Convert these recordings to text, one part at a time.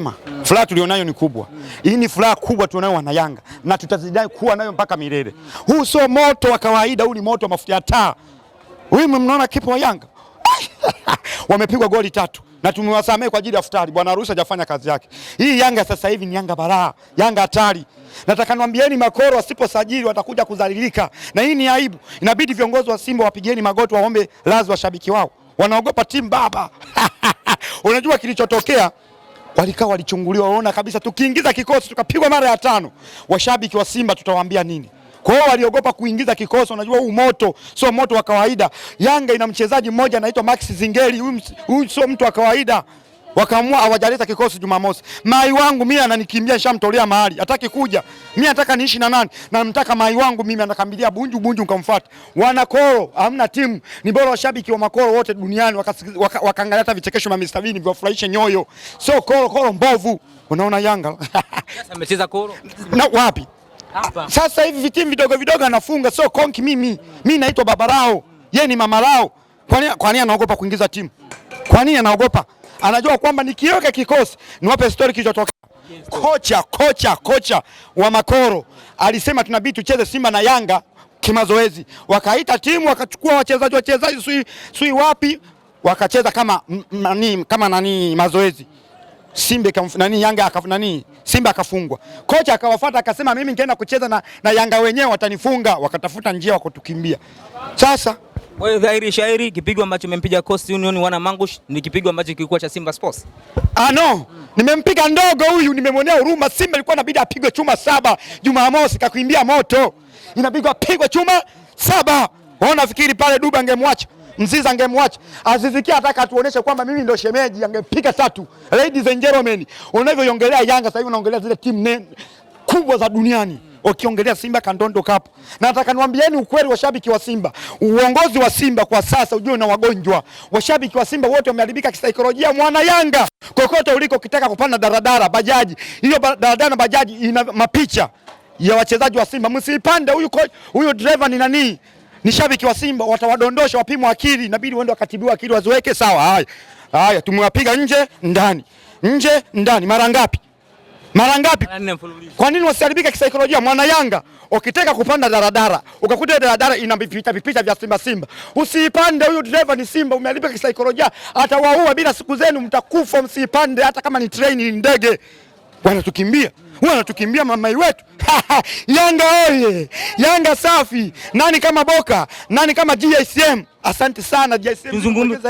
kusema mm. furaha tulionayo ni kubwa mm. hii ni furaha kubwa tunayo tulionayo wanayanga na tutazidi kuwa nayo mpaka milele mm. huu sio moto wa kawaida, huu ni moto wa mafuta ya taa. Huyu mnaona kipa wa Yanga wamepigwa goli tatu na tumewasamehe kwa ajili ya futari. Bwana Arusha hajafanya kazi yake. Hii Yanga sasa hivi ni Yanga balaa, Yanga hatari. Nataka niwaambieni, makoro wasiposajili watakuja kudhalilika, na hii ni aibu. Inabidi viongozi wa Simba wapigieni magoti, waombe radhi washabiki wao, wanaogopa timu baba. Unajua kilichotokea walikaa walichunguliwa, waona kabisa tukiingiza kikosi tukapigwa mara ya tano, washabiki wa Simba tutawaambia nini? Kwa hiyo waliogopa kuingiza kikosi. Unajua huu moto sio moto wa kawaida. Yanga ina mchezaji mmoja anaitwa Max Zingeli, huyu sio mtu wa kawaida wakaamua awajaleta kikosi Jumamosi. Mai wangu mimi ananikimbia, nishamtolea mahali, hataki kuja. Mimi nataka niishi na nani? Na nataka mai wangu mimi anakambilia Bunju, Bunju nikamfuata. Wana Koro hamna timu, ni bora washabiki wa makoro wote duniani wakaangalia waka, hata vichekesho na Mr. Vini viwafurahishe nyoyo, So koro koro mbovu. Unaona Yanga Sasa amecheza koro na wapi hapa sasa hivi vitimu vidogo vidogo anafunga, so konki mimi. Mimi naitwa babarao, yeye ni mama mamarao. Kwa nini anaogopa kuingiza timu? Kwa nini anaogopa? anajua kwamba nikiweka kikosi, niwape stori kilichotoka. Kocha kocha kocha wa Makoro alisema tunabidi tucheze Simba na Yanga kimazoezi, wakaita timu wakachukua wachezaji wachezaji sui, sui wapi wakacheza kama nani, kama nani mazoezi Simba nani Yanga akaf, nani Simba akafungwa. Kocha akawafuata akasema, mimi nikaenda kucheza na, na Yanga wenyewe watanifunga, wakatafuta njia kutukimbia sasa kwa hiyo dhahiri shairi kipigo ambacho imempiga Coast Union wana Mangush ni kipigo ambacho kilikuwa cha Simba Sports. Ah no, hmm. Nimempiga ndogo huyu, nimemwonea huruma. Simba ilikuwa inabidi apigwe chuma saba Jumamosi, kakuimbia moto, inabidi apigwe chuma saba. Wao nafikiri pale Duba angemwacha Mziza angemwacha Azizikia, ataka atuoneshe kwamba mimi ndio shemeji, angepiga tatu. Ladies and gentlemen, unavyoiongelea Yanga sasa hivi unaongelea zile timu kubwa za duniani wakiongelea Simba Kandondo Cup. Na nataka niwaambieni ukweli, washabiki wa Simba, uongozi wa Simba kwa sasa ujue na wagonjwa. Washabiki wa Simba wote wameharibika kisaikolojia, mwana Yanga kokote uliko, ukitaka kupanda daradara, bajaji hiyo daradara na bajaji ina mapicha ya wachezaji wa Simba, msipande. Huyu huyu driver ni nani? Ni shabiki wa Simba, watawadondosha wapimo akili, inabidi waende wakatibiwa akili waziweke sawa. Haya haya, tumewapiga nje ndani, nje ndani, mara ngapi? mara ngapi? Kwa nini wasiharibika kisaikolojia? Mwana Yanga, ukitaka kupanda daradara ukakuta daradara ina vipita vipita vya Simba Simba, usiipande. Huyu dereva ni Simba, umeharibika kisaikolojia, atawaua bila siku zenu, mtakufa. Msiipande hata kama ni treni, ni ndege wanatukimbia wanatukimbia mamai wetu. Yanga oye! Yanga safi! Nani kama Boka? Nani kama GSM? Asante sana GSM.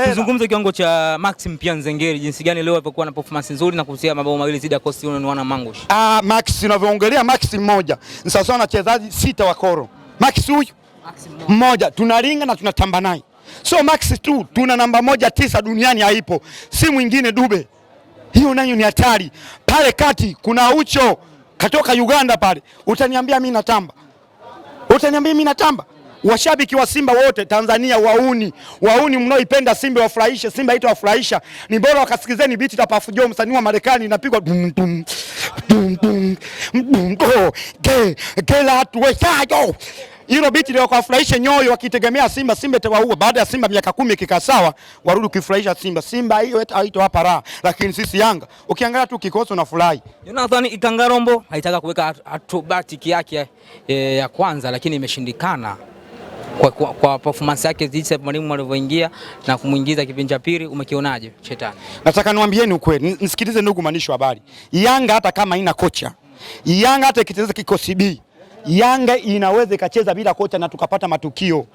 Tuzungumze kiwango cha Maxim pia Nzengeri, jinsi gani leo alivyokuwa na performance nzuri na kuhusia mabao mawili zidi ya Coast Union wana Mangush. Ah, Max unavyoongelea Max mmoja ni sawa na wachezaji sita wa koro. Max huyu mmoja Tunalinga na tunatamba naye, so Max tu tuna namba moja tisa duniani haipo, si mwingine Dube hiyo nayo ni hatari. Pale kati kuna ucho katoka Uganda pale, utaniambia mimi natamba? Utaniambia mimi natamba? Washabiki wa Simba wote Tanzania, wauni wauni, mnaoipenda Simba wafurahishe, Simba ita wafurahisha, ni bora wakasikizeni biti la Puff Joe, msanii wa Marekani, inapigwa dum dum dum dum dum go ge ge la tuwesayo hilo biti ndio kawafurahisha nyoyo, wakitegemea Simba Simba itawaua. Baada ya Simba miaka kumi ikikaa sawa, warudi kufurahisha Simba. Simba hiyo haito hapa raha, lakini sisi Yanga ukiangalia tu kikosi unafurahi. Jonathan Ikangarombo haitaka kuweka atobatiki yake e, eh, ya kwanza, lakini imeshindikana kwa, kwa, kwa performance yake zilizo mwalimu alivyoingia na kumuingiza kipindi cha pili, umekionaje Shetani? Nataka niwaambieni ukweli, nisikilize ndugu mwandishi wa habari. Yanga hata kama haina kocha Yanga hata ikitengeneza kikosi bii Yanga inaweza ikacheza bila kocha na tukapata matukio.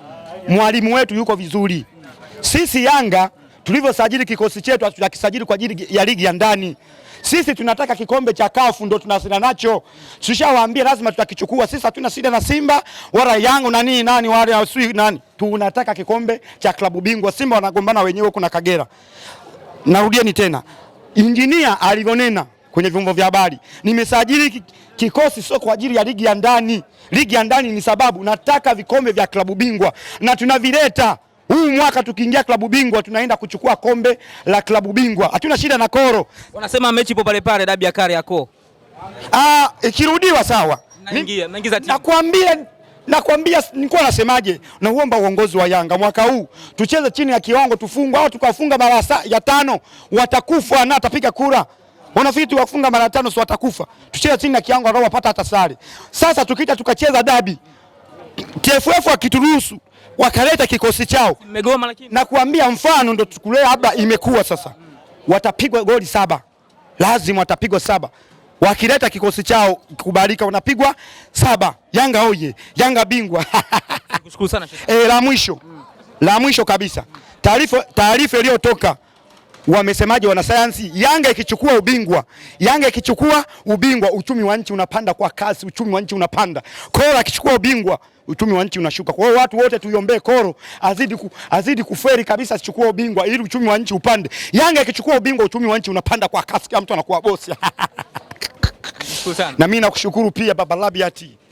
Mwalimu wetu yuko vizuri. Sisi Yanga tulivyosajili kikosi chetu tunakisajili kwa ajili ya ligi ya ndani. Sisi tunataka kikombe cha kafu ndo tunasina nacho. Tushawaambia lazima tutakichukua. Sisi hatuna shida na Simba wala Yanga na nini nani wale wasui nani. Tunataka kikombe cha klabu bingwa. Simba wanagombana wenyewe kuna Kagera. Narudieni tena. Injinia alivyonena kwenye vyombo vya habari. Nimesajili kikosi sio kwa ajili ya ligi ya ndani. Ligi ya ndani ni sababu, nataka vikombe vya klabu bingwa na tunavileta huu mwaka. Tukiingia klabu bingwa, tunaenda kuchukua kombe la klabu bingwa, hatuna shida na koro. Wanasema mechi ipo pale pale, dabi ya Kariakoo. Ah, ikirudiwa sawa, nakwambia nakwambia nilikuwa nasemaje, nauomba uongozi wa Yanga mwaka huu tucheze chini ya kiwango, tufungwe au tukafunga mara ya tano, watakufa na atapiga kura Wanafikiri tuwafunga mara tano si watakufa. Tucheze chini na kiango ambao wapata hata sare. Sasa tukija tukacheza dabi. TFF akituruhusu wakaleta kikosi chao. Mmegoma lakini. Na kuambia mfano ndo tukulea labda imekuwa sasa. Watapigwa goli saba. Lazima watapigwa saba. Wakileta kikosi chao kubalika unapigwa saba. Yanga oye, Yanga bingwa. Nikushukuru sana. Eh, la mwisho. La mwisho kabisa. Taarifa taarifa iliyotoka wamesemaje wanasayansi? Yanga ikichukua ubingwa, Yanga ikichukua ubingwa, uchumi wa nchi unapanda kwa kasi, uchumi wa nchi unapanda. Kora akichukua ubingwa, uchumi wa nchi unashuka. Kwa hiyo watu wote tuiombee Koro azidi, ku, azidi kuferi kabisa, asichukue ubingwa ili uchumi wa nchi upande. Yanga ikichukua ubingwa, uchumi wa nchi unapanda kwa kasi, kila mtu anakuwa bosi na mimi nakushukuru pia Baba Labiati.